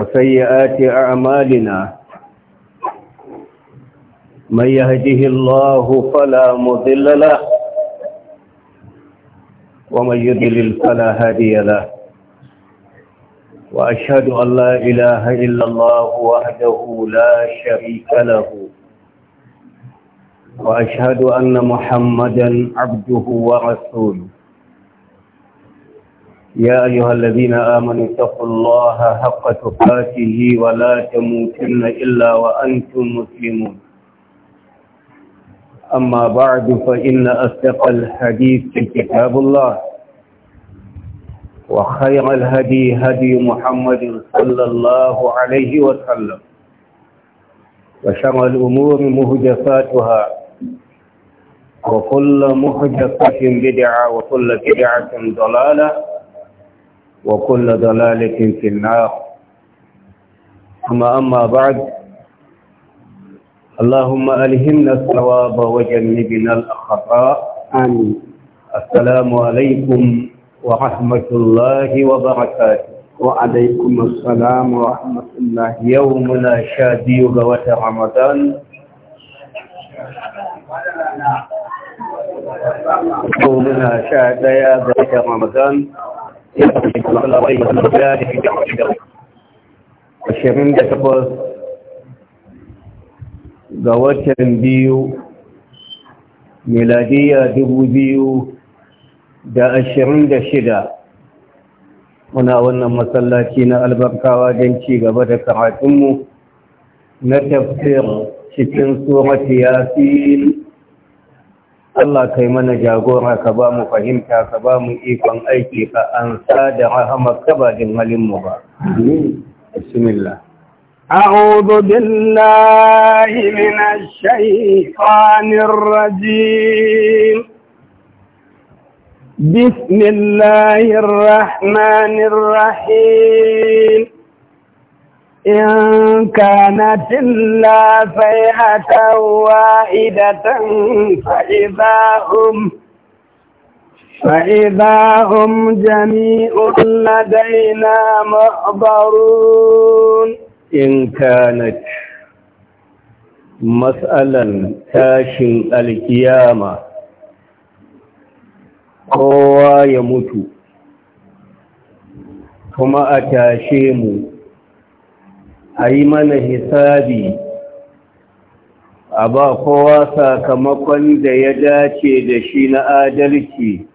وسيئات أعمالنا من يهده الله فلا مضل له ومن يضلل فلا هادي له وأشهد أن لا إله إلا الله وحده لا شريك له وأشهد أن محمدا عبده ورسوله يا أيها الذين آمنوا اتقوا الله حق تقاته ولا تموتن إلا وأنتم مسلمون أما بعد فإن أصدق الحديث كتاب الله وخير الهدي هدي محمد صلى الله عليه وسلم وشر الأمور مهجفاتها وكل مهجفة بدعة وكل بدعة ضلالة وكل ضلالة في النار أما أما بعد اللهم ألهمنا الثواب وجنبنا الأخطاء آمين السلام عليكم ورحمة الله وبركاته وعليكم السلام ورحمة الله يومنا شادي غوات رمضان يومنا شادي غوات رمضان ashirin da takwas ga watan biyu miladiya dubu biyu da ashirin da shida muna wannan masallaci na albarkawa don ci gaba da karatunmu na tafsir cikin tsoron yasin Allah kai mana jagora ka ba mu fahimta ka ba mu ikon aiki ka an sa da rahamar ka ba din halin mu ba bismillah أعوذ بالله من الشيطان الرجيم بسم الله الرحمن الرحيم إن كانت إلا صيحة واحدة فإذا هم فإذا هم جميع لدينا محضرون إن كانت مسألا تاشن القيامة قوى يموت فما أتاشيمه a yi mana hisabi a ba kowa sakamakon da ya dace da shi na adalci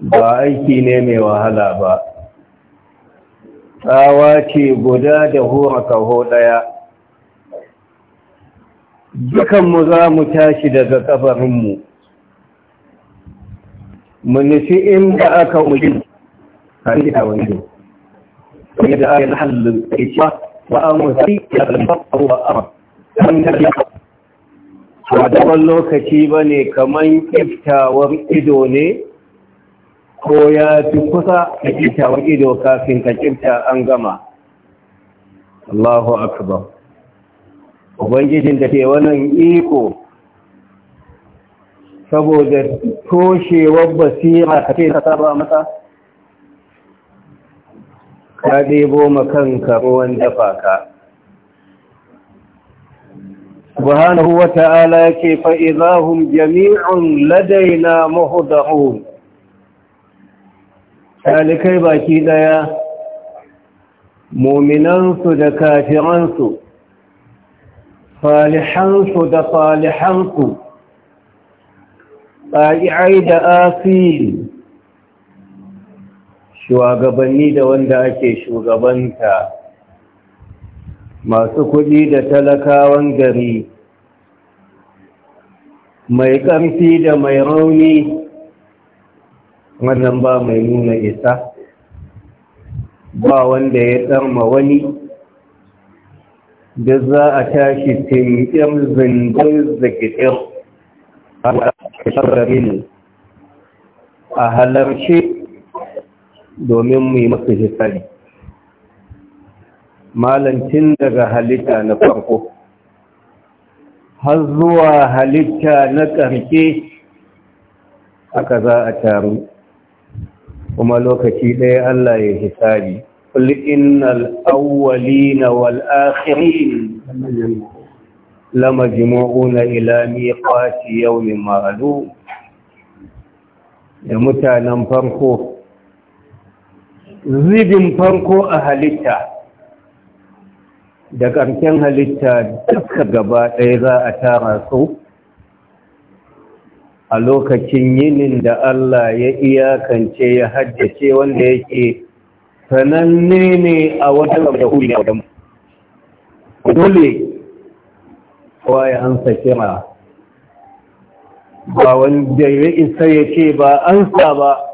ba aiki ne mai wahala ba tsawa ce guda da hura kaho ɗaya dukanmu za mu tashi daga ƙafarinmu mu nufi inda aka uji a wani ويدعى lokaci ba ne kamar ƙiftawar ido ne ko ya fi kusa a ƙiftawar ido kafin ka ƙifta an gama Allahu akbar ubangijin da ke wannan iko saboda toshewar basira ka ce ta saba masa ka ɗebo kanka ruwan dafa ka subhanahu wa ta'ala yake fa idahum jami'un ladaina muhdahun talikai baki daya muminansu da kafiransu falihansu da falihansu ai da asiri shugabanni da wanda ake shugabanta masu kuɗi da talakawan gari mai ƙarfi da mai rauni wannan ba mai nuna isa ba wanda ya tsarma wani da za a tashi tinkin zindin zikitir a halarci domin mu yi masa hisabi malantin daga halitta na farko har zuwa halitta na ƙarshe haka za a taru kuma lokaci ɗaya Allah ya hisabi قل إن الأولين na لمجموعون إلى yau يوم معلوم da mutanen farko Zibin farko a halitta da ƙarshen halitta duka gaba ɗaya za a tara su a lokacin yinin da Allah ya iyakance ya haddace wanda yake sananne ne a wajen da huli wajen dole waye an sa ba wanda ya isa ya ce ba an sa ba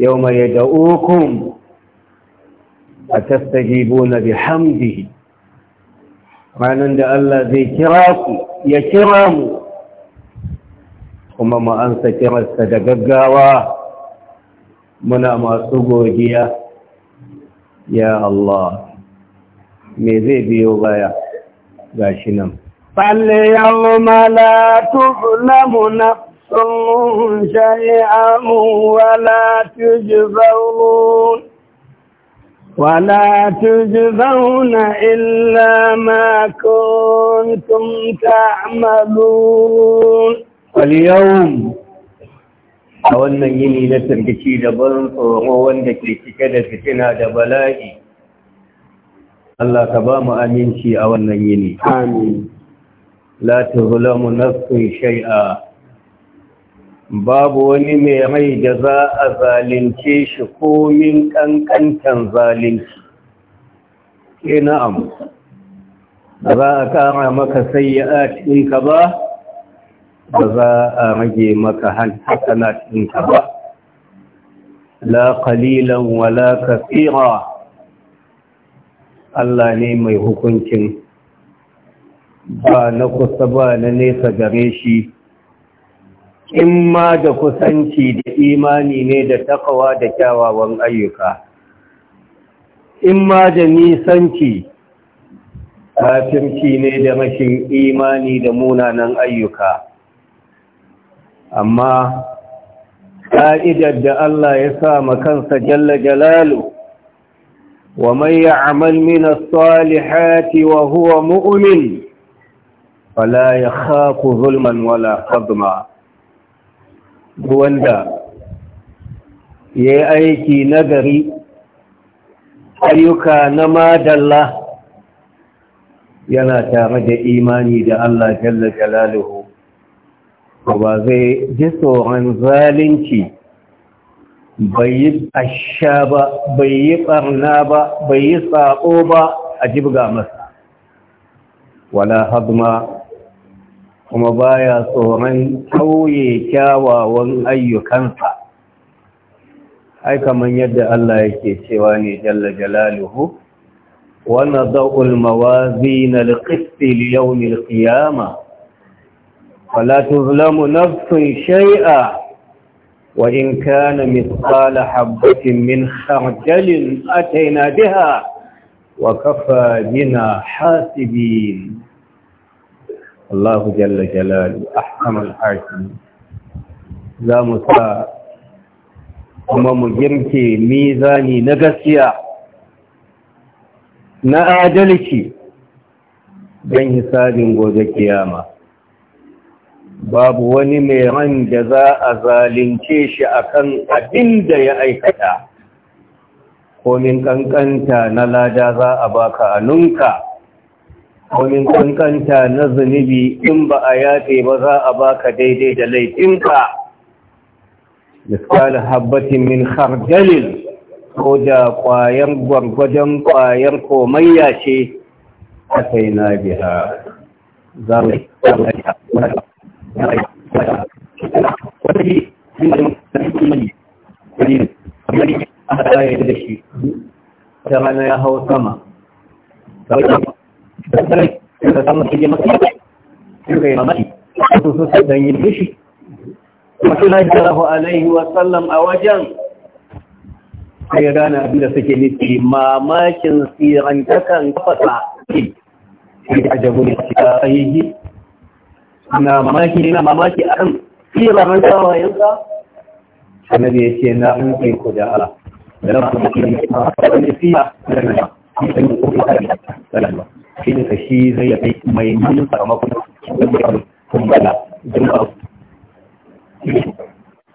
يوم يدعوكم فتستجيبون بحمده ranar da Allah zai kira ku ya kira mu kuma mu kiransa da gaggawa muna masu godiya ya Allah me zai biyo baya shi nan falle yawma la tuzlamu nafs عنهم شيئا ولا تجزون ولا تجزون إلا ما كنتم تعملون a wannan yini na targaci da barin tsoro wanda ke cike da fitina da bala'i Allah ka ba mu aminci a wannan yini amin la tuzlamu nafsun shay'a babu wani mai rai da za a zalince shi komin ƙanƙantan zalince eh, ke na'am ba za a ƙara maka sayya ɗinka ba ba za a rage maka hasana ɗinka ba la ƙalilan wala kafira. Allah ne mai hukuncin ba na kusa ba na nesa gare shi in ma da kusanci da imani ne da takawa da kyawawan ayyuka in ma da nisanci kafirci ne da rashin imani da munanan ayyuka amma ƙa'idar da Allah ya sa kansa jalla jalalu wa man ya'mal min as-salihati wa huwa wala ya haku zulman wala fadma wanda ya yi aiki nagari ayyuka na madalla yana tare da imani da Allah jalla jalaluhu ba zai ji tsoron zalunci bai yi asha ba bai yi barna ba bai yi tsako ba a jibga masa wala hadma kuma baya tsoron kauye kyawawan ayyukansa ai kaman yadda Allah yake cewa ne jalla jalaluhu wa nadau al-mawazin al-qist li yawm al-qiyamah fala tuzlamu nafsun shay'a kana كان مثقال حبة من خردل أتينا Wa kafa بنا hasibin. الله جل جلاله أحكم الحاكمين za mu sa kuma mu girke mizani na gaskiya na adalci don hisabin gobe kiyama babu wani mai ran da za a zalunce shi akan abin da ya aikata komin ƙanƙanta na lada za a baka a nunka wani kankanta na zunubi in ba a yaƙe ba za a baka daidai da laifinka misali habbatin min dalil ko da ƙwayar gwargwajen ƙwayar komai yashe a na biya za mu ya hau sama da sarai da samun sai maka sai kai mamaki su su sai dan yin dishi Masuna alaihi wa sallam a wajen sai ya gane abin da suke nufi mamakin tsirantakan kafasa ke a jagori a sahihi na mamaki na mamaki a kan tsiran tawayensa annabi ya ce na an kai ku da ala da na mamaki ne a kan tsiya da na ya shi da shi zai yafi mai munin sakamakon ɗaukar kumbala jama'a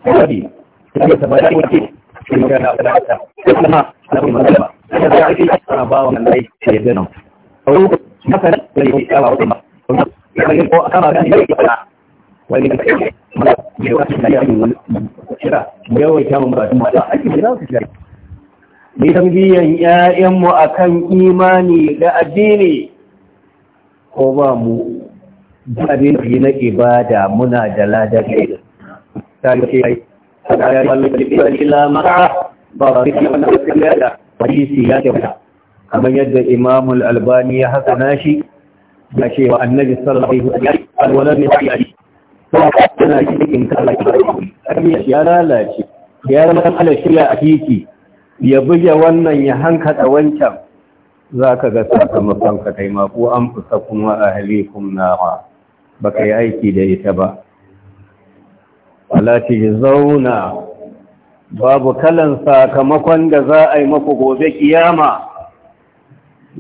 da ya saba da shi da ta kuma na kuma da ba da ya shi ana ba ya gano da ya kuma ya ko a kama da ya fara wani da mana da ya shi shira da ya ba mata ake su shira ne tambiyan a akan imani da addini ko ba mu abin yi na ibada muna da ladar ne ta ce ai da ila lamara ba ba rikin wani tsakarar da hadisi ya kyauta kamar yadda imamul albani ya haka nashi da wa annabi sallallahu alaihi wasallam alwala ne ya yi to tana cikin kala ya lalace ya zama kala ya a titi ya buge wannan ya hankata wancan za ka ga sakamakon ka taimako an fusa kuma a halikun nawa ba ka yi aiki da ita ba alati zauna babu kalan sakamakon da za a yi maku gobe kiyama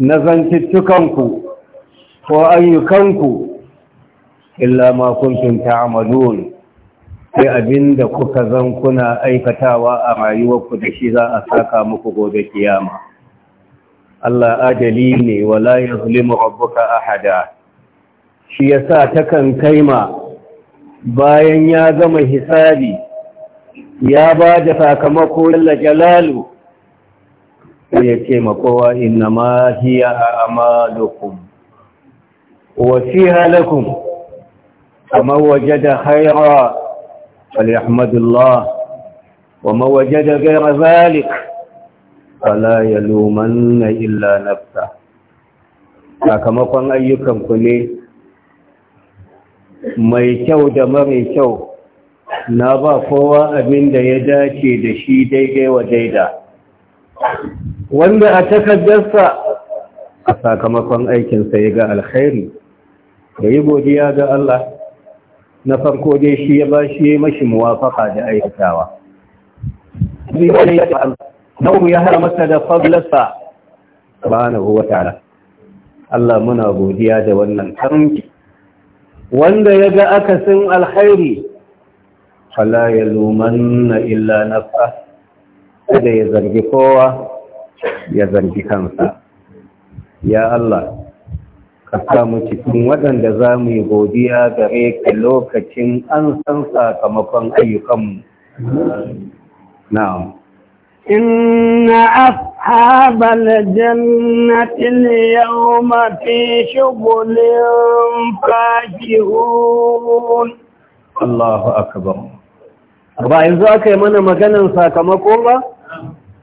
na zantuttukanku ko ayyukanku illa ma kuntum ta'malun sai abinda kuka zan kuna aikatawa a rayuwarku da shi za a saka muku gobe kiyama Allah adali ne wala yuzlimu rabbuka ahada shi yasa takan kaima bayan ya gama hisabi ya ba da sakamako lalla jalalu ya ce ma kowa inna ma hiya a'malukum wa fiha lakum amma wajada khayra falyahmadullah wa ma wajada ghayra zalika fala na illa nafsa sakamakon ayyukanku ne mai kyau da mara kyau na ba kowa abin da ya dace da shi daidai wa daida wanda a takaddarsa a sakamakon aikinsa ya ga alkhairi da yi godiya ga Allah na farko dai shi ya ba shi mashi muwafaka da aikatawa. nauru ya hara masa da Ba subhanahu wa ta'ala Allah muna godiya da wannan karanci wanda ya ga akasin alkhairi fala na illa nafsa kada ya zargi kowa ya zargi kansa ya Allah ka samu cikin waɗanda za mu yi godiya gare ka lokacin an san sakamakon ayyukanmu na'am إن أصحاب الجنة اليوم في شغل فاكهون الله أكبر ba yanzu aka mana maganar sakamako ba?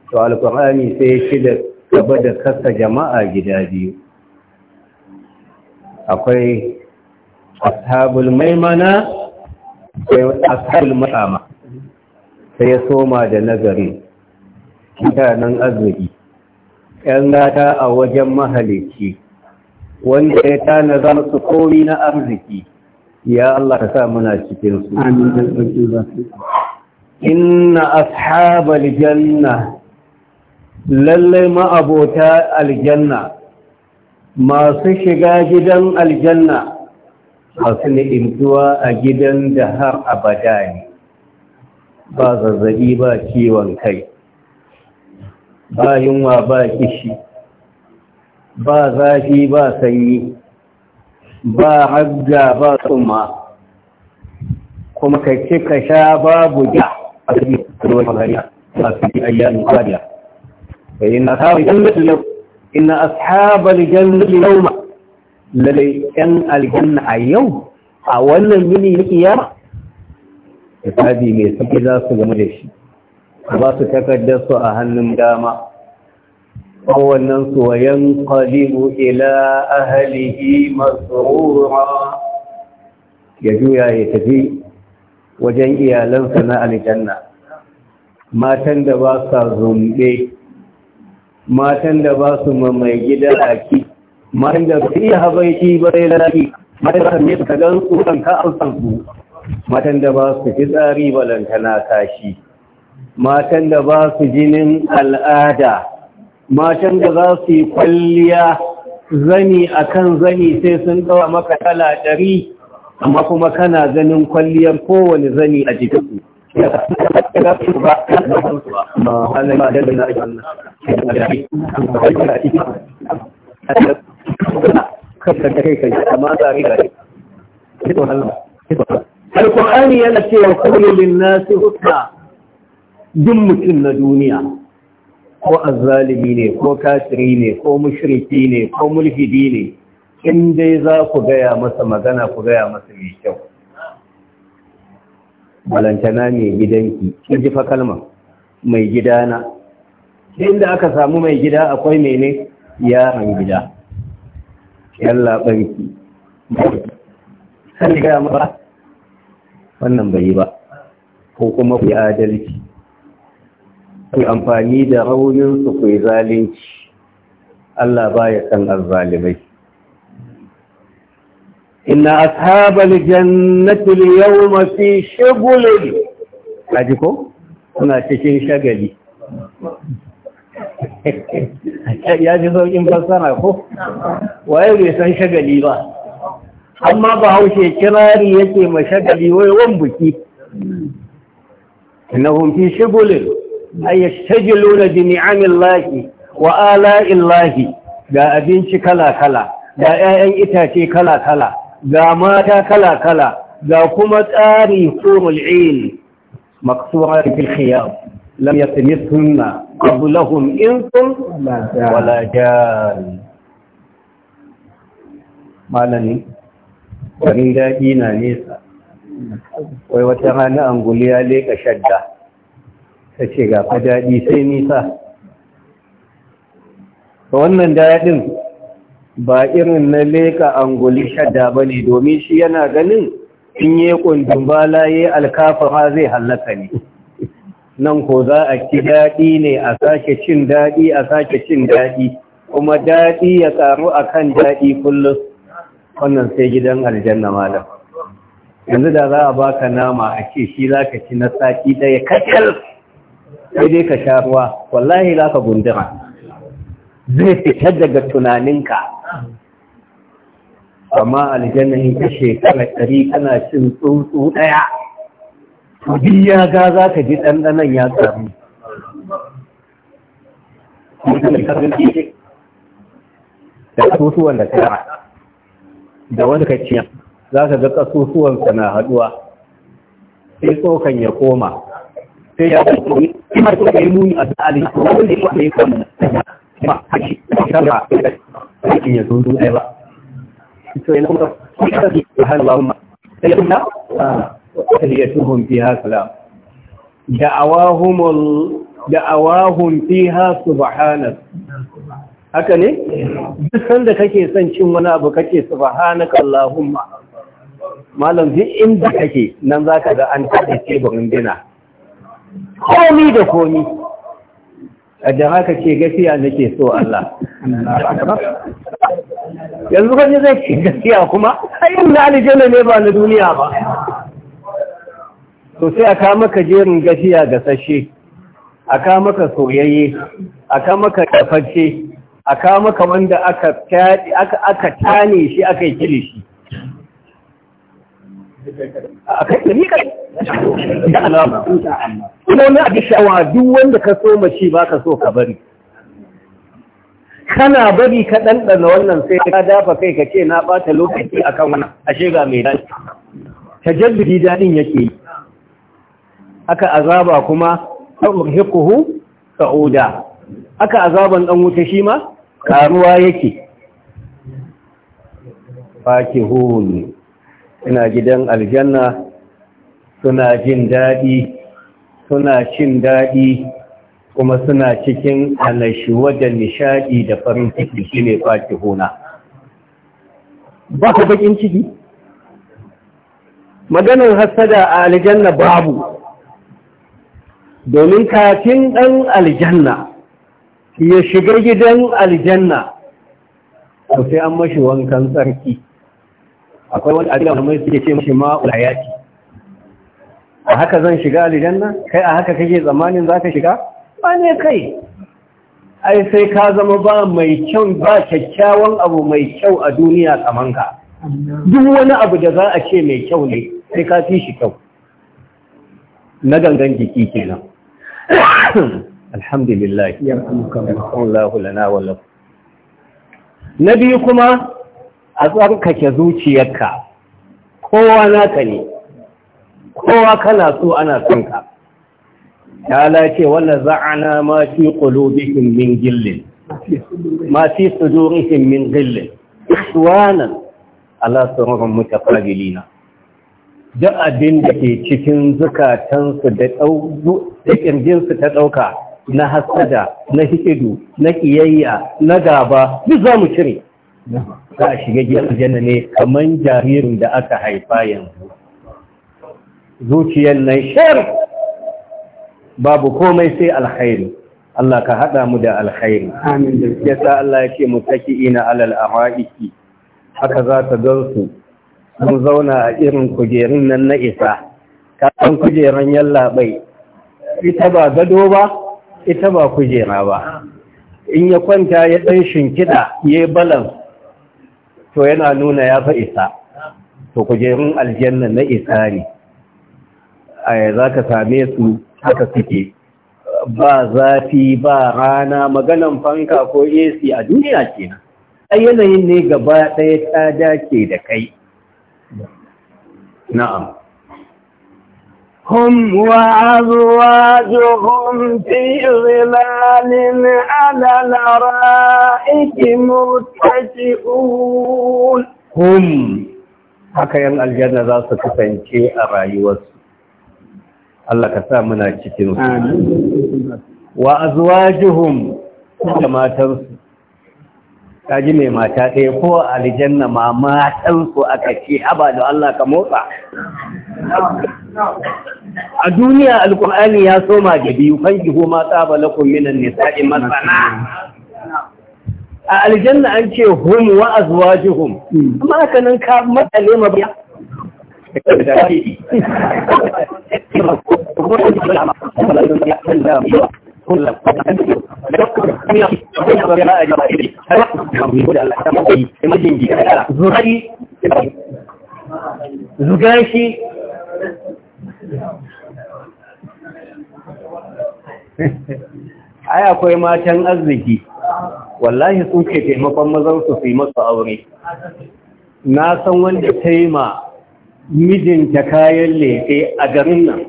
to alkur'ani sai shida gaba da kasa jama'a gida biyu akwai ashabul maimana sai ashabul sai ya soma da nazari mutanen arziki ‘yan gata a wajen mahalici wanda ya tana za su komi na arziki ya Allah ka sa muna cikinsu. Inna ashabal janna lallai ma'abota aljanna masu shiga gidan aljanna masu ni'imtuwa a gidan da har abada ne ba zazzabi ba ciwon kai. ba yunwa ba kishi ba zafi ba sanyi ba hajja ba tsumma kuma ka ce ka sha babu ja a cikin ruwan magariya a cikin ayyamin kwariya fa inna ashabal jannati yau inna yan jannati yawma lalle yan aljanna a yau a wannan yini na kiyama tabi mai sauki za su gama da shi ba su takardar su a hannun dama kowannen su wayan qalibu ila ahlihi masrura ya juya ya tafi wajen iyalansa na aljanna matan da ba sa zumbe matan da ba su mai gida aki matan da su iya habaiki bai lafi matan da ne ka gan su kan ka alfansu matan da ba su fitsari balantana kashi matan da ba su jinin al'ada matan da za su yi kwalliya zani akan zani sai sun ɗawa maka kala ɗari amma kuma kana ganin kwalliyar kowane zani a jikinsu yana cewa شيء lin-nasi حسنا duk mutum na duniya ko azzalibi ne ko kafiri ne ko mushriki ne ko mulhidi ne in dai za ku gaya masa magana ku gaya masa mai kyau balantana mai gidanki in ji fakalman. Mai mai gidana inda aka samu mai gida akwai mene yaron gida yalla banki gaya ma ba wannan bai yi ba ko kuma ku adalci ku amfani da raunin su zalunci Allah baya san azzalimai inna ashabal jannati yawma fi shughulin kaji ko suna cikin shagali ya ji sauƙin fassara ko waye bai san shagali ba amma ba haushe kirari yake ma shagali wai wan buki innahum fi shughulin ay yashtajiluna bi ni'amillahi wa ala'illahi ga abinci kala-kala ga 'ya'yan itace kala-kala ga mata kala-kala ga kuma tsari turul il maksuwa fil khiyam lam yatmithunna qablahum insun wala jan malani wani daɗi na nesa wai wata rana anguliya leka shadda Ta ce ga fa daɗi sai nisa ta wannan daɗin ba irin na leƙa anguli shadda ba ne domin shi yana ganin in yi ƙundin ba ya alkafa ha zai hallaka ne nan ko za a ci daɗi ne a sake cin daɗi a sake cin daɗi kuma daɗi ya ƙaru a kan daɗi kullum wannan sai gidan aljanna malam yanzu da za a baka nama a ce shi za ka ci na sati ɗaya kakal sai dai ka sha ruwa wallahi za ka gundura zai fita daga tunaninka amma aljanna in ka shekara ɗari kana cin tsuntsu ɗaya to duk ya ga za ka ji ɗanɗanan ya samu da kasusuwan da kara da wani ka za ka ga kasusuwan na haɗuwa sai tsokan ya koma sai ya ga ba haki fiha salam haka ne duk sanda kake son cin wani abu kake subhanaka allahumma malam zai inda kake nan zaka ga an ce teburin dina komi da komi da haka ce gafiya nake so Allah yanzu kan zai ce gafiya kuma ayin na aljanna ne ba na duniya ba to sai aka maka jerin gafiya ga sashe aka maka soyayye aka maka kafarce aka maka wanda aka aka tane shi aka yi kilishi kuma wani abin sha'awa duk wanda ka so ba ka so ka bari kana bari ka ɗanɗana wannan sai ka dafa kai ka ce na ɓata lokaci a kan wani ashe ga mai daɗi tajaddudi daɗin yake yi aka azaba kuma ta'urhikuhu sa'uda aka azaban ɗan wuta shi ma ƙaruwa yake fakihun suna gidan aljanna suna jin daɗi suna cin daɗi kuma suna cikin annashuwa da nishaɗi da farin ciki shi ne faki huna ba ka bakin ciki maganin hasada a aljanna babu domin kafin ɗan aljanna ya shiga gidan aljanna ko sai an mashi wankan tsarki akwai wani abin da wani suke ce mashi ma'ul hayati a haka zan shiga aljanna kai a haka kake tsammanin za ka shiga ba ne kai ai sai ka zama ba mai kyau ba kyakkyawan abu mai kyau a duniya kaman ka duk wani abu da za a ce mai kyau ne sai ka fi shi kyau na gangan jiki kenan alhamdulillah ya biyu lana wa lakum nabi kuma a tsarkake zuciyarka kowa naka ne kowa kana so ana son ka ta lace wannan za'ana ma fi qulubihim min gillin ma fi sudurihim min gillin ihwanan ala sirrin mutaqabilina duk abin da ke cikin zukatansu da ƙirjinsu ta ɗauka na hasada na hikidu na ƙiyayya na gaba duk zamu mu cire za a shiga gidan ne kaman jaririn da aka haifa yanzu zuciyar nan shar babu komai sai alkhairi Allah ka haɗa mu da alkhairi amin ya sa Allah ya ce mutaki'ina alal araiki haka za ta gansu sun zauna a irin kujerun nan na isa kujeran yalla yallaɓai ita ba gado ba ita ba kujera ba in ya kwanta ya ɗan shinkida ya yi balance to yana nuna ya fa isa to kujerun aljanna na isa ne a za ka same su haka suke ba zafi ba rana maganan fanka ko ac a duniya kenan a yanayin ne gaba ɗaya tsada ke da kai na'am هم وأزواجهم في ظلال على الأرائك مرتجئون هم haka yan aljanna za su kasance a rayuwarsu Allah ka sa muna cikin su wa azwajuhum da matansu kaji mai mata ɗaya ko aljanna ma matansu aka ce haba da Allah ka motsa a duniya alkur'ani ya soma ga biyu ko ma tsaba lakum minan nisa'i masana a aljanna an ce hum wa azwajuhum amma haka nan ka matsale ma biya zugashi ai akwai matan arziki wallahi sun ke taimakon mazan su fi masu aure na san wanda ta yi ma mijinta kayan lefe a garin nan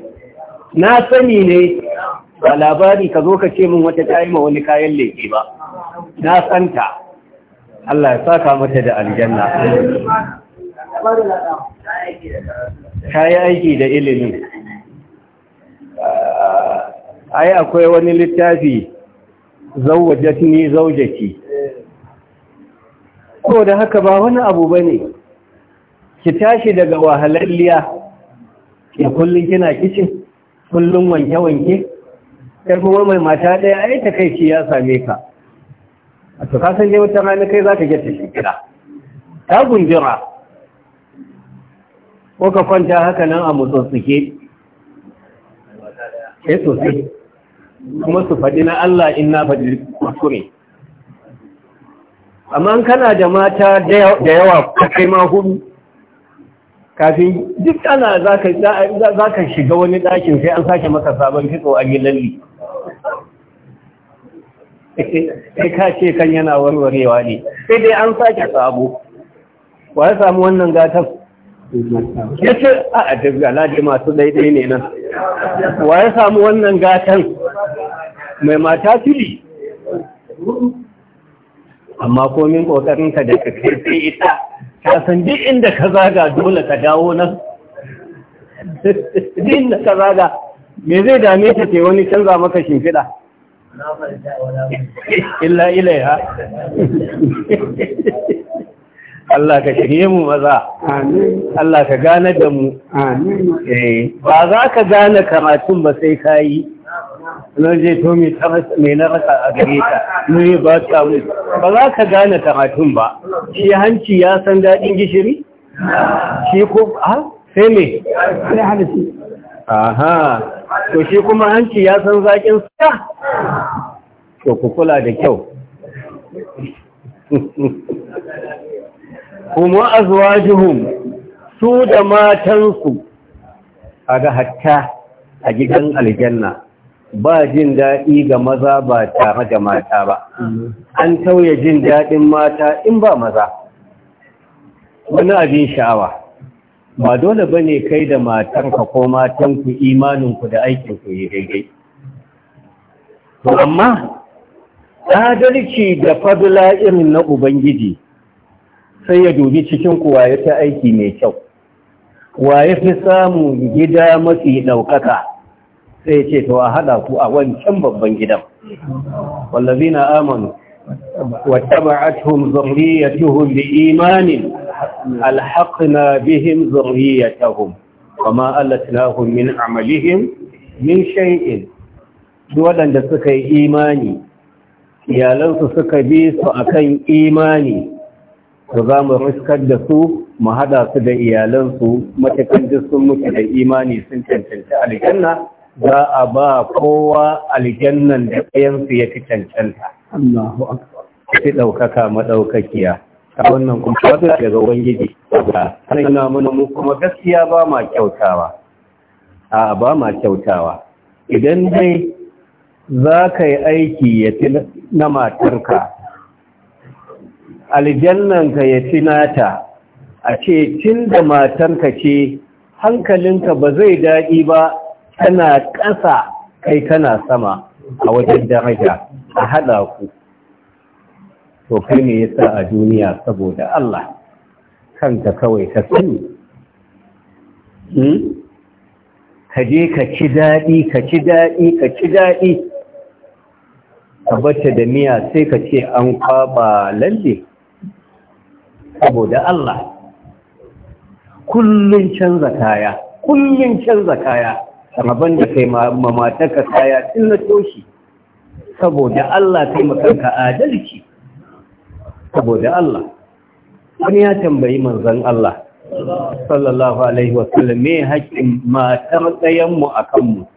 na sani ne ba labari ka zo ka ce min wata ta wani kayan lefe ba na santa Allah ya saka mata da aljanna ta yi aiki da ilimin ai akwai wani littafi ni zawjati ko da haka ba wani abu bane ki tashi daga wahalalliya ya kullun kina kicin kullun wanke wanke sai kuma mai mata daya ai ta kai shi ya same ka a to san dai wata rana kai zaka ga tashi kira ta gunjira ko ka kwanta haka nan a mutsutsuke eh sosai kuma su faɗi na Allah in na faɗi kuskure amma kana da mata da yawa kai ma hudu kafin duk ana za ka shiga wani ɗakin sai an sake maka sabon fito a gilalli sai ka ce kan yana warwarewa ne sai dai an sake sabo wa ya samu wannan gatar ya ce a adabiya ladi masu daidai ne nan wa ya samu wannan gatan mai mata fili amma komin ka da ka kai ita Ka san duk inda ka zaga dole ka dawo nan duk inda ka zaga me zai dame ta ke wani canza maka shimfiɗa illa ya. Allah ka shirye mu maza Allah ka gane da mu eh, ba za ka gane karatun ba sai ka yi nan je to mai na rasa a gare ka ne ba ta mu ba za ka gane karatun ba shi hanci ya san daɗin gishiri shi ko ha sai me sai halitta aha to shi kuma hanci ya san zaƙin suka? to ku kula da kyau hum wa azwajuhum su da matansu ga hatta a gidan aljanna ba jin daɗi ga maza ba tare da mata ba an tauye jin daɗin mata in ba maza wani abin sha'awa ba dole ba ne kai da matanka ko matanku imaninku da aikinku yi daidai to amma adalci da fadula irin na ubangiji sai ya dubi cikin kuwa ya ta aiki mai kyau wa ya fi samun gida mafi ɗaukaka sai ce to a haɗa ku a wancan babban gidan wallazi na amanu واتبعتهم ذريتهم بإيمان ألحقنا بهم ذريتهم وما ألتناهم من عملهم من شيء دولا da suka yi imani iyalansu suka bi su akan imani to za mu riskar da su mu haɗa su da iyalansu matakan sun mutu da imani sun cancanci aljanna za a ba kowa aljannan da ɗayansu ya fi cancanta. Allahu Akbar. Fi ɗaukaka maɗaukakiya. A wannan kuma wata daga Ubangiji. Ana yana mana mu kuma gaskiya ba ma kyautawa. A ba ma kyautawa. Idan dai za ka yi aiki ya fi na matarka Aljannan ka ya ci nata a ce tun da matanka ce hankalinka ba zai daɗi ba tana ƙasa kai kana sama a wajen daraja a haɗa ku to kai ne ya sa a duniya saboda Allah kanka kawai ka sani hmm? ka je ka ci daɗi ka ci daɗi ka ci daɗi ka bata da miya sai ka ce an kwaɓa lalle saboda Allah kullun canza kaya kullun canza kaya abin da kai mamataka kaya tun na toshi saboda Allah kai makanka adalci saboda Allah wani ya tambayi manzan Allah sallallahu alaihi wasallam me haƙƙin matar tsayenmu a kanmu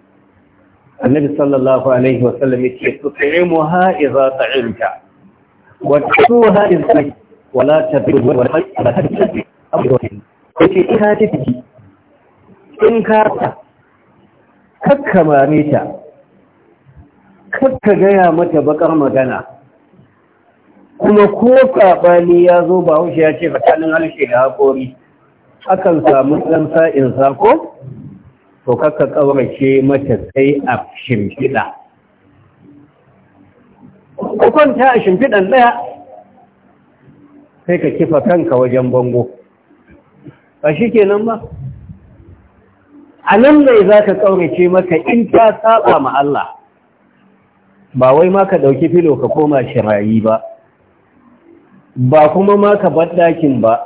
annabi sallallahu alaihi wasallam yake tuqimu ha idza ta'ilta wa tuha ta'irka Wala تبدو ولا تبدو أبدو kace in ka tafi in ka ta kakkamame ta kakka gaya mata bakar magana kuma ko saɓani ya zo ba haushe ya ce tsakanin harshe ya haƙori akan samu ɗan in sako to kakka ƙaurace mata sai a shimfiɗa ku kwanta a shimfiɗan ɗaya sai ka kifa kanka wajen bango ba shi kenan ba a nan za ka ƙaurace maka in ta saba ma Allah ba wai ma ka ɗauki filo ka koma shirayi ba ba kuma ma ka bar ɗakin ba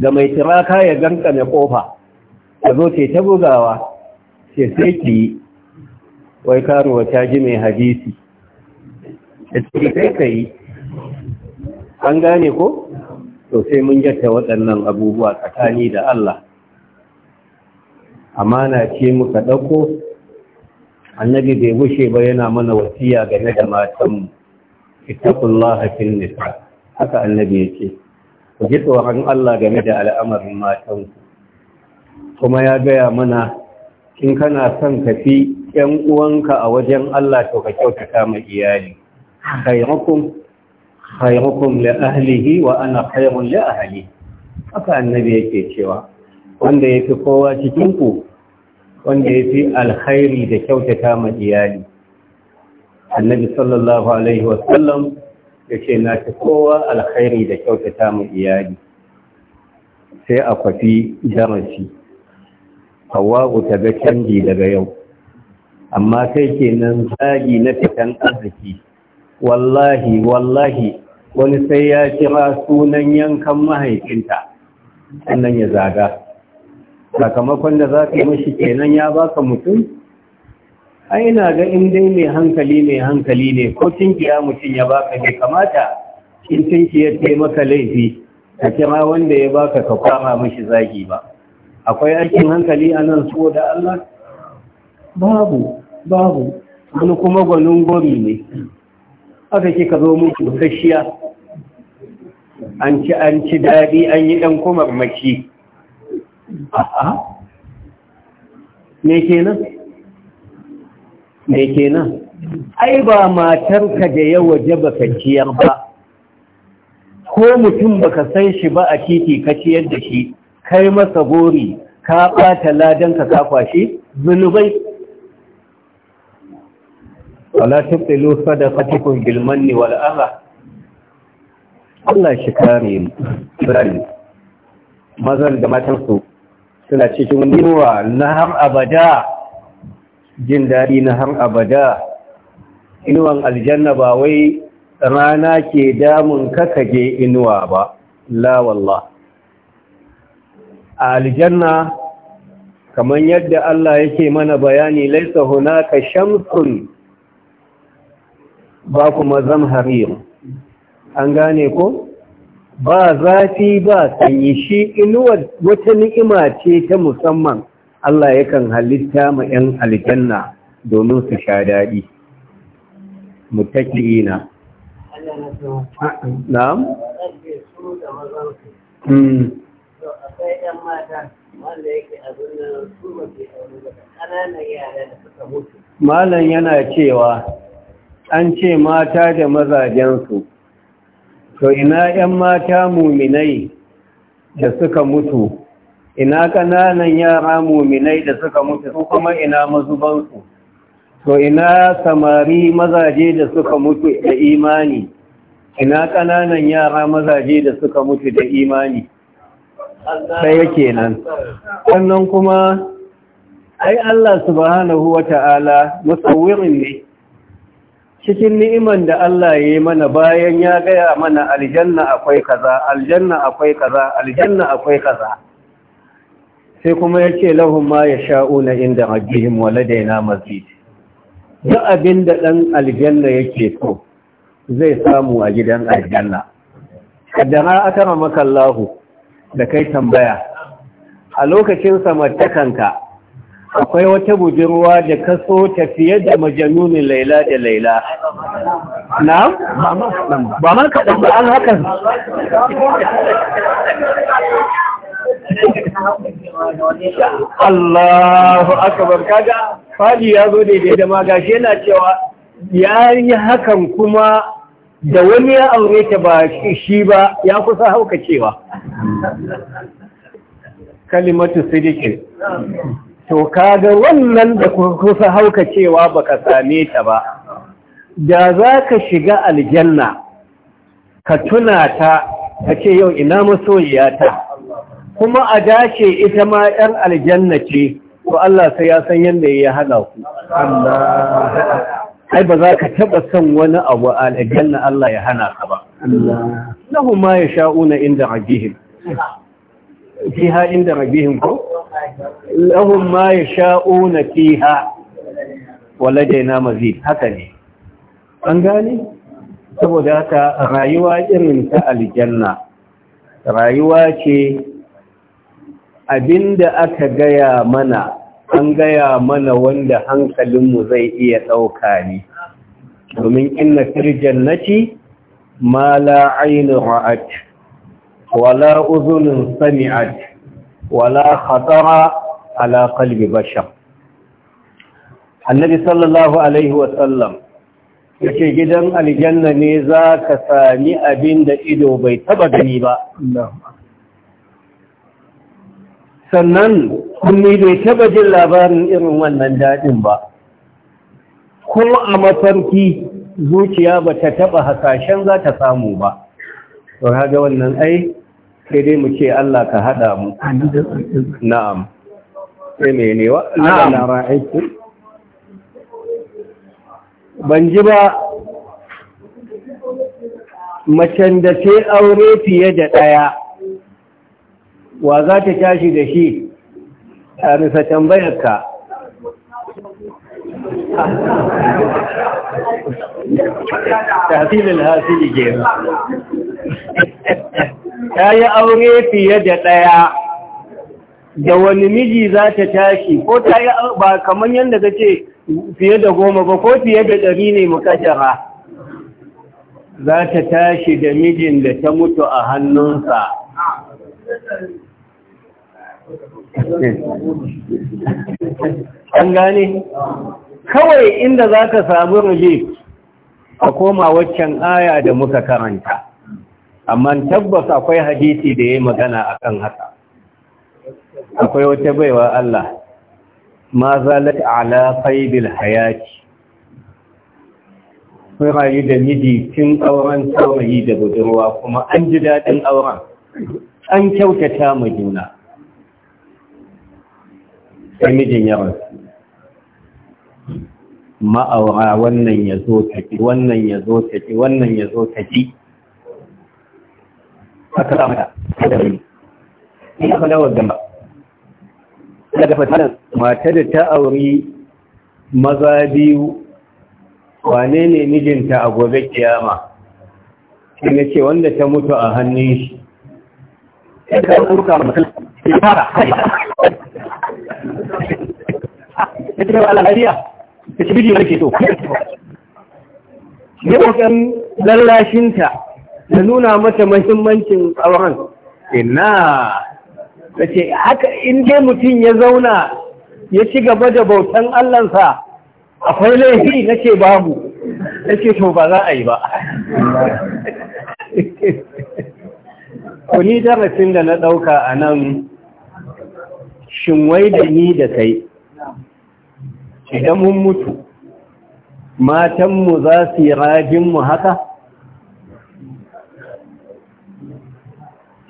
ga mai tiraka ya mai ƙofa ka zo ce ta bugawa ce sai ki yi wai karuwa ta ji mai hadisi da ce kai ka yi an gane ko? to sai mun yatta waɗannan abubuwa tsakani da Allah amana ce muka ɗauko annabi bai wushe ba yana mana wasiya game da matanmu ittaqullaha fil nisa haka annabi yake ku ji tsoron Allah game da al'amarin matanku kuma ya gaya mana in kana son ka fi ƴan uwanka a wajen Allah to ka kyautata ma iyali Kai hukum khairukum li ahlihi wa ana khairun li ahli haka annabi yake cewa wanda yafi kowa cikin ku wanda yafi alkhairi da kyautata ma iyali annabi sallallahu alaihi wasallam yake na ta kowa alkhairi da kyautata ma iyali sai a kwafi darasi hawa'u ta ga canji daga yau amma sai kenan zagi na fitan arziki wallahi wallahi wani sai ya kira sunan yankan mahaifinta sannan ya zaga sakamakon da za ka yi mashi kenan ya baka mutum aina ga in dai mai hankali mai hankali ne ko cinkiya mutum ya baka ne kamata in cinkiyar ce maka laifi ka kira wanda ya baka ka kwama mashi zagi ba akwai aikin hankali a nan so da Allah babu babu wani kuma gwanin gori ne aka ce ka zo mutu gashiya an ci an ci daɗi an yi ɗan kuma mashi a'a me kenan me kenan ai ba matarka da ya waje baka ciyar ba ko mutum baka san shi ba a titi ka ciyar da shi kai masa gori ka ɓata ladanka ka kwashe zunubai wala tubtilu sadaqatikum bil manni wal adha Allah shi kare mu mazan da matansu suna cikin niwa na har abada jin daɗi na har abada inuwan aljanna ba wai rana ke damun kakaje inuwa ba la wallah a aljanna kamar yadda Allah yake mana bayani laisa hunaka shamsun ba kuma zamharir an gane ko ba zafi ba sanyi shi inuwar wata ni'ima ce ta musamman Allah yakan halitta ma 'yan aljanna domin su sha daɗi mutaki'ina na'am hmm. malam yana cewa an ce mata da mazajensu to ina 'yan mata muminai da suka mutu ina ƙananan yara muminai da suka mutu su kuma ina mazubansu to ina samari mazaje da suka mutu da imani ina ƙananan yara mazaje da suka mutu da imani sai yake nan sannan kuma ai Allah subhanahu wata'ala musawwirin ne cikin ni'iman da Allah ya yi mana bayan ya gaya mana aljanna akwai kaza aljanna akwai kaza aljanna akwai kaza sai kuma ya ce lahun ma ya sha'una inda rabbihim wa ladaina masjid duk abin da ɗan aljanna yake so zai samu a gidan aljanna Da kaddara aka ramaka Allah da kai tambaya a lokacin samartakanka akwai wata budurwa da ka so tafiye da majanunin laila da laila na? ba ma kaɗan ba an haka Allahu akabar kaga fadi ya zo daidai da magashi yana cewa ya yi hakan kuma da wani ya aure ta ba shi ba ya kusa hauka cewa kalimatu sidikin to ka ga wannan da kusa hauka cewa baka same ta ba da za ka shiga aljanna ka tuna ta ka ce yau ina masoyiyata kuma a dace ita ma 'yan aljanna ce to Allah sai ya san yadda ya hada ku ai ba za ka taba son wani abu a aljanna Allah ya hana ka ba nahu ma ya sha'una inda rabbihim ha inda rabbihim ko lahum ma yasha'una fiha waladaina mazid haka ne an gane saboda haka rayuwa irin ta aljanna rayuwa ce abinda aka gaya mana an gaya mana wanda hankalinmu zai iya ɗauka ne domin inna na jannati ma la aynun ra'at wala uzunin sami'at wala khatara ala qalbi bashar sallallahu alaihi wasallam yace gidan aljanna ne za ka sami abin da ido bai taba gani ba sannan kunni bai taba jin labarin irin wannan daɗin ba kuma a mafarki zuciya ba ta taba hasashen za ta samu ba to wannan ai sai dai mu ce Allah ka haɗa mu na'am sai mene wa na'am ban ji ba macen da ce aure fiye da ɗaya wa za ta tashi da shi a bisa tambayarka tafilin hasili ke ta yi aure fiye da ɗaya da wani miji za ta tashi ko ta yi ba kamar yadda ka ce fiye da goma ba ko fiye da ɗari ne makashara za ta tashi da mijin da ta mutu a hannunsa an gane kawai inda za ka samu rage ka koma waccan aya da muka karanta amma tabbas akwai hadisi da ya magana akan haka akwai wata baiwa Allah ma zalat ala qaidil hayati sai rayu da miji tun auren saurayi da budurwa kuma an ji daɗin auren an kyautata ma juna sai mijin ya rasu ma'aura wannan ya zo tafi wannan ya zo wannan ya zo aka mata da gamba daga mata da ta auri maza biyu wane ne mijinta a gobe kiyama shi ne ce wanda ta mutu a hannun shi ne lallashinta na nuna mata mahimmancin auren Inna. ta ce haka inda mutum ya zauna ya ci gaba da bautan allansa akwai laifi na ce babu ta ce to ba za a yi ba kuni darasin da na ɗauka a nan shinwai da ni da kai idan mun mutu matanmu za su yi rajinmu haka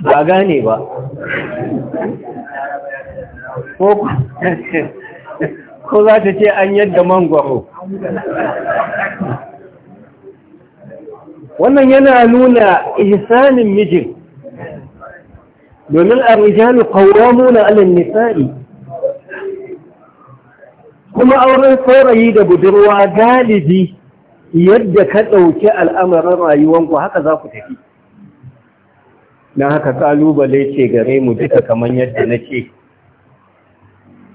ba gane ba ko za ta ce an yadda mangoro? wannan yana nuna ihsanin mijin domin a rijalu qawwamuna alin nisa'i kuma auren saurayi da budurwa galibi yadda ka ɗauki al'amarin rayuwanku haka za ku tafi na haka kalubale ce gare mu duka kamar yadda na ce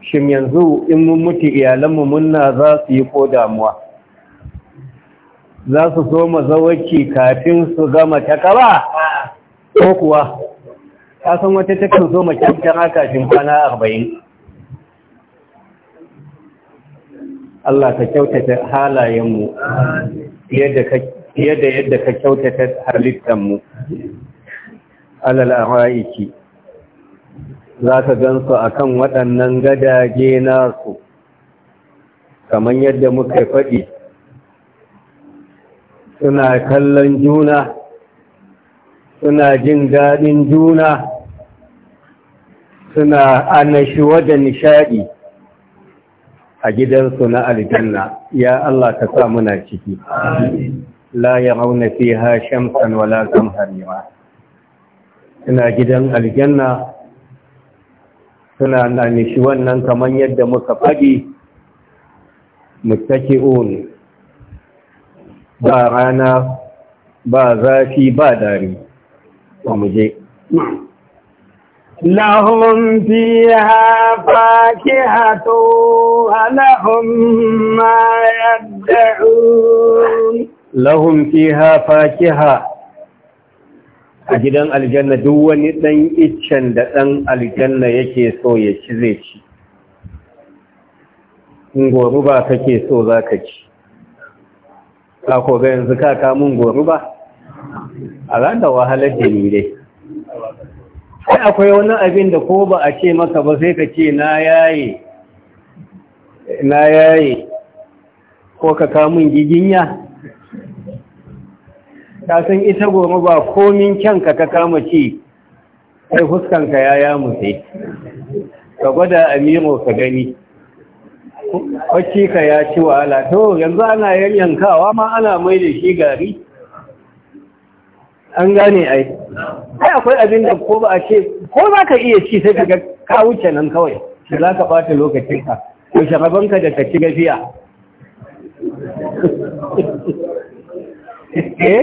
shin yanzu in mun mutu iyalanmu Muna za su yi ko damuwa za su so mazawarci kafin su gama takaba ko kuwa ta san wata takan so a kafin kwana arba'in Allah ka kyautata halayenmu yadda yadda ka kyautata halittanmu alal araiki za ka gansu a kan waɗannan gadaje nasu kamar yadda muka faɗi suna kallon juna suna jin daɗin juna suna annashuwa da nishaɗi a gidansu na aljanna ya Allah ka sa muna ciki la ya rauna fi ha shamsan wala harira ina gidan aljanna suna nanishi wannan kamar yadda muka faɗi muttaki'un ba rana ba zafi ba dari ba mu je لهم فيها فاكهة ولهم ما يدعون لهم فيها فاكهة a gidan aljanna duk wani ɗan iccen da ɗan aljanna yake so ya ci zai ci in goruba kake so za ka ci ka ga yanzu ka kamun goruba a ran wahalar da ni dai sai akwai wani abin da ko ba a ce maka ba sai ka ce na yaye na yaye ko ka kamun giginya ka san ita goma ba komin kyanka ka kama ci sai fuskanka ya mutu ka gwada amiro ka gani kwacce ka ya ci wahala to yanzu ana yanyankawa ma ana mai da shi gari an gane ai ai akwai abin da ko ba a ce ko ba ka iya ci sai ka ka wuce nan kawai shi za ka bata lokacinka ko shagabanka da ka ci gafiya eh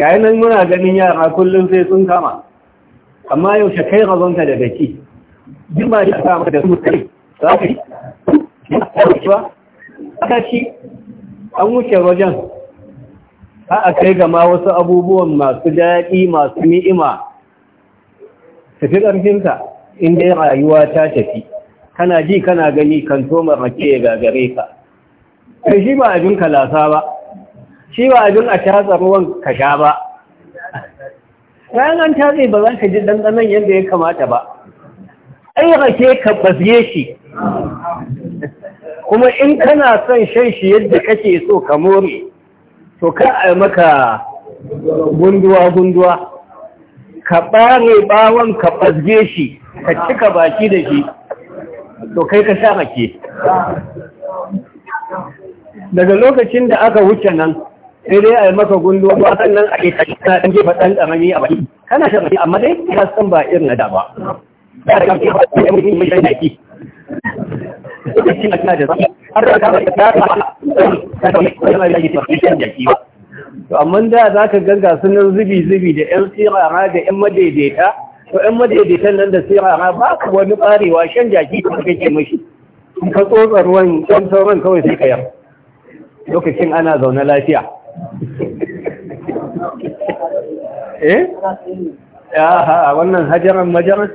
yayin muna ganin yara kullum sai sun kama amma yaushe kai razonka da daki jin ba shi a kama da su kai za ka yi ba an wuce wajen ha a kai gama wasu abubuwan masu daɗi masu ni'ima tafi ƙarfinka inda ya rayuwa ta tafi kana ji kana gani kan tomar rake ga gare ka kai shi ba abin kalasa ba shi ba abin a tatsa ruwan ka sha ba bayan an tatse ba za ka ji ɗanɗanon yadda ya kamata ba ai rake ka bazye shi kuma in kana son shan shi yadda kake so ka more to ka a maka gunduwa-gunduwa ka ɓare ɓawon ka ɓazge shi ka cika baki da shi to kai ka sha rake daga lokacin da aka wuce nan sai dai a yi maka gundu ba sannan a ke tafi. tafiya ɗan jefa ɗan ƙarami a baki kana shan baki amma dai ya san ba irin na da ba ya da kamfi ba da mutum mai shan baki cikin akina da zai har da kamar da ta ba ta ba. to amma da za ka ganga sunan zubi zubi da yan sirara da yan madaidaita to yan madaidaitan nan da sirara ba ka wani ɓarewa shan jaki da ke mashi ka tsotsa ruwan sauran kawai sai ka yar lokacin ana zaune lafiya eh aha wannan hajaran majaran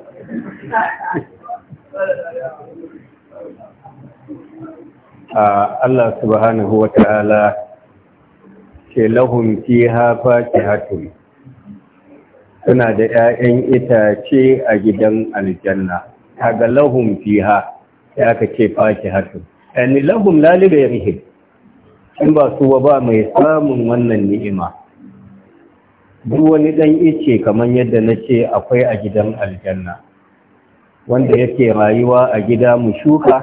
Allah subhanahu wa ta'ala ke lahun fiha fakihatun suna da ‘ya'yan itace a gidan aljanna kaga lahun fiha ya ka ce fakihatun yani lahun lalibai rihim in ba su ba ba mai samun wannan ni'ima duk wani dan ice kamar yadda na ce akwai a gidan aljanna wanda yake rayuwa a gida mu shuka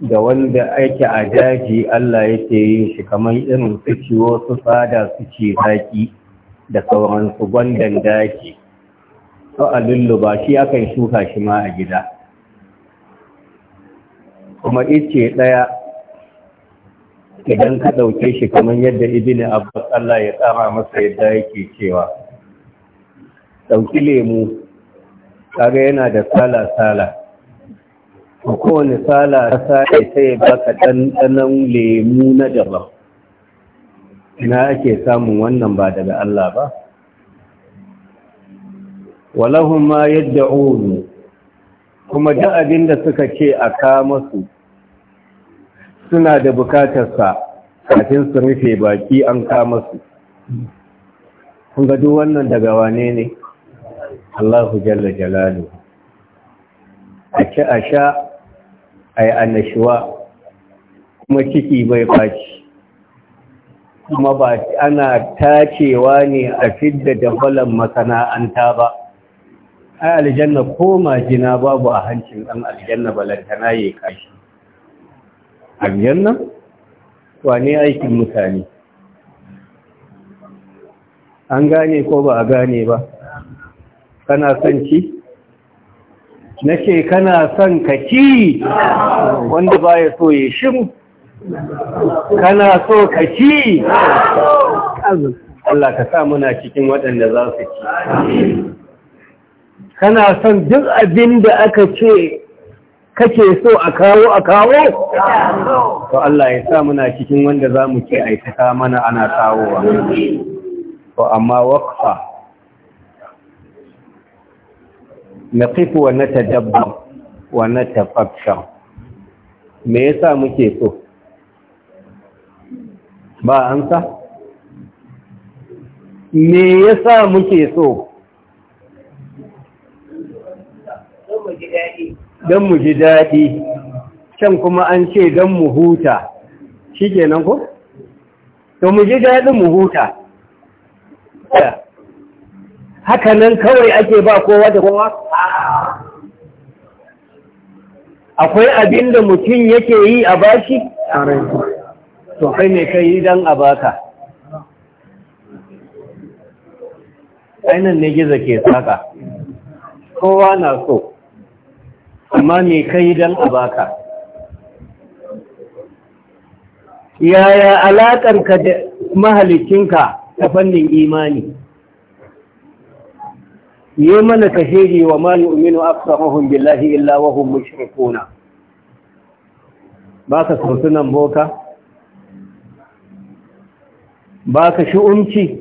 da wanda aiki a daji Allah yake yin shi kamar irin su ciwo su tsada su ci zaki da sauransu gwandan daji to a lulluba shi akan shuka shi ma a gida kuma ice ɗaya idan ka ɗauke shi kamar yadda ibini abbas Allah ya tsara masa yadda yake cewa ɗauki lemu kaga yana da sala-sala a kowane sala ta sa'ai sai baka ɗanɗanon lemu na daban ina ake samun wannan ba daga Allah ba walahun ma yadda kuma da abin da suka ce a kama su suna da bukatarsa kafin su rufe baki an kama su kun ga duk wannan daga wane ne Allahu jalla jalalu a ci a sha a yi annashuwa kuma ciki bai faci kuma ba ana tacewa ne a fidda dafalan masana'anta ba ai aljanna ko majina babu a hancin ɗan aljanna balantana ya kashi wa wane aikin mutane an gane ko ba a gane ba kana son ci na ce kana son ka ci wanda ba ya so ya shim kana so ka ci Allah ka sa muna cikin waɗanda za su ci kana son duk abin da aka ce kake so a kawo a kawo to Allah ya sa muna cikin wanda za mu ke aikata mana ana kawowa to amma waqfa ta wa natadabbar wa fafsha, me ya sa muke so ba an sa? me ya sa muke so don mu ji daɗi can kuma an ce don mu huta shi ke nan ku? to mu ji daɗin mu huta haka nan kawai ake ba kowa da kowa? akwai abin da mutum yake yi a bashi? to kai ne kai yi don a baka ainihin ne gizo ke saka kowa na so amma me kai dan a baka yaya alaƙarka da mahalikinka ta fannin imani yi mana shege wa mani uminu aksarahun billahi illa wahun mushrikuna ba ka sautunan boka ba ka umci?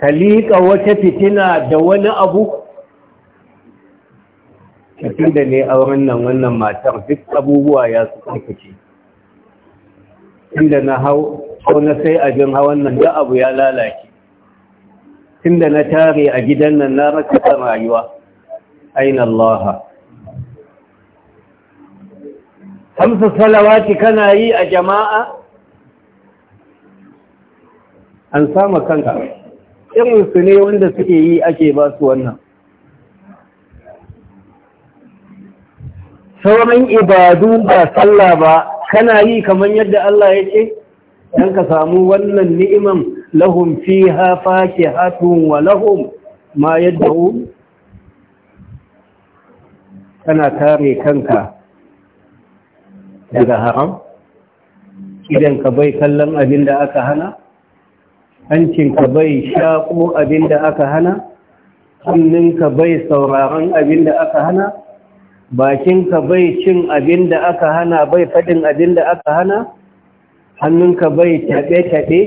ka liƙa wata fitina da wani abu tun da ne auren nan wannan matar duk abubuwa ya su karkace inda na hau ko na sai abin hawan nan da abu ya lalace inda na tare a gidan nan na rakasa rayuwa aina allaha hamsa salawati kana yi a jama'a an sama kanka su ne wanda suke yi ake ba su wannan sauran ibadu ba sallah ba kana yi kamar yadda Allah ya ce dan ka samu wannan ni'iman lahum fiha fakihatun wa lahum ma yad'u kana kare kanka daga haram idan ka bai kallon abin da aka hana hancin ka bai shaƙo abin da aka hana ka bai sauraron abin da aka hana Bakin ka bai cin abin da aka hana bai faɗin abin da aka hana hannunka bai taɓe-taɓe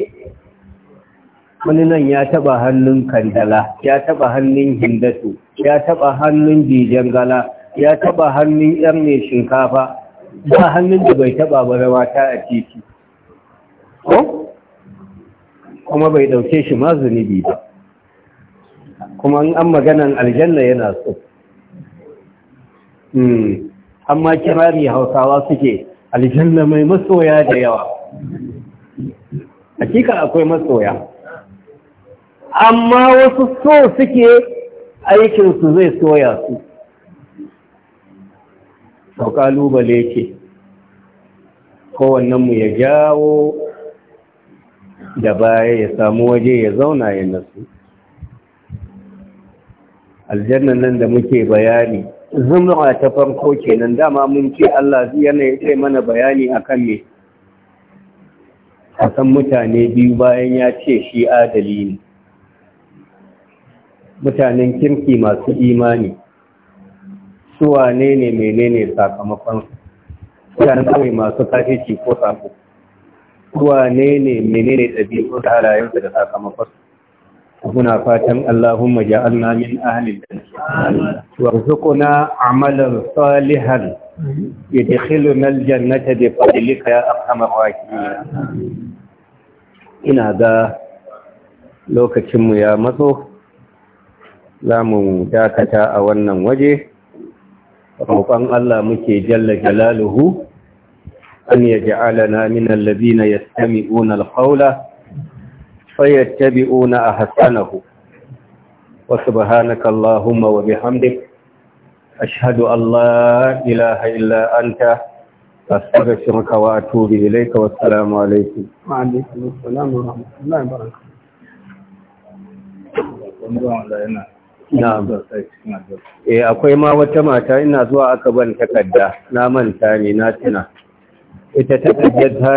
wani nan ya taɓa hannun kandala ya taɓa hannun hindatu ya taɓa hannun jijen gala ya taɓa hannun yan mai shinkafa ba hannun da bai taɓa barawa mata a titi ko kuma bai ɗauke shi ma zunubi ba kuma an maganan aljanna yana so Hmm. amma kirari hausawa suke aljanna mai masoya da yawa hakika akwai masoya amma wasu so suke aikinsu zai soya su Saukalubale kalubale ke mu ya jawo da baya ya samu waje ya zauna ya nasu aljannan nan da muke bayani zuma ta farko kenan dama mun ce Allah yana ya mana bayani akan me akan mutane biyu bayan ya ce shi adali ne mutanen kirki masu imani su wane ne menene sakamakon mutanen kawai masu kafici ko sako su wane ne menene ɗabi'un halayensu da sakamakon muna fatan Allahumma ja'alna min ahlil janna warzuqna amalan salihan yadkhiluna aljannata bi fadlika ya arhamar rahimin ina ga lokacinmu ya matso za mu dakata a wannan waje roƙon Allah muke jalla jalaluhu an yaj'alana min alladhina yastami'una alqawla فيتبعون أحسنه وسبحانك اللهم وبحمدك أشهد أن لا إله إلا أنت أستغفرك وأتوب إليك والسلام عليكم وعليكم السلام ورحمة الله وبركاته Na'am. Eh akwai ma wata mata ina zuwa aka ban takarda na manta ne na tuna. Ita takaddar